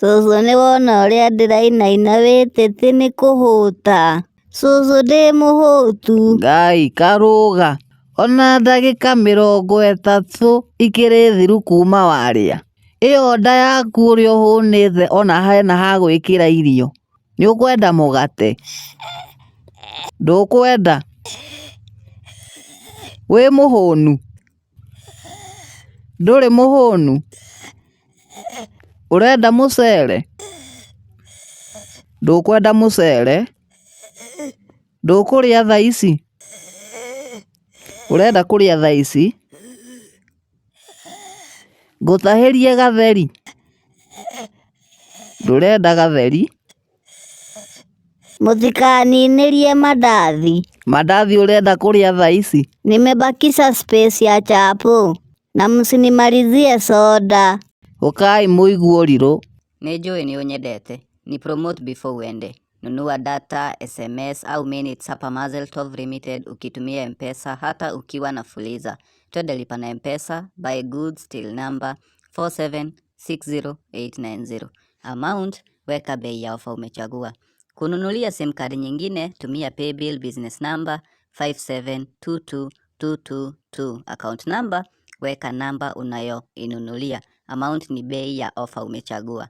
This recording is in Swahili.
tä nĩwona ũrĩa ndĩrainaina wĩ tĩtĩ nĩ ndä må hå tu Ngai ga Ona ndagĩka mĩrongo ikä rä thiru kuma warĩa. Ĩyo nda yaku nä ũhũnĩte ona hena kä ra irio. hå nu ndå rä må hå nu Ũrenda mũcere? Ndũkwenda mũcere? Ndũkũrĩa thaa ici? Ũrenda kũrĩa thaa ici? Ngũtahĩrie gatheri? Ndũrenda gatheri? Mũtikaninĩrie mandathi. Mandathi ũrenda kũrĩa thaa ici? Nimebakisha space ya chapo na msinimalizie soda ũkai mũigue ũrirũ nĩnjũĩ nĩũnyendete ni promote before uende nunua data sms au minutes hapa Mazel Tov Limited ukitumia mpesa hata ukiwa na fuliza twende lipa na mpesa buy goods till number 4760890 amount weka bei ya ofa umechagua kununulia sim card nyingine tumia paybill business number 5722222 account number Weka namba unayoinunulia. Amount ni bei ya ofa umechagua.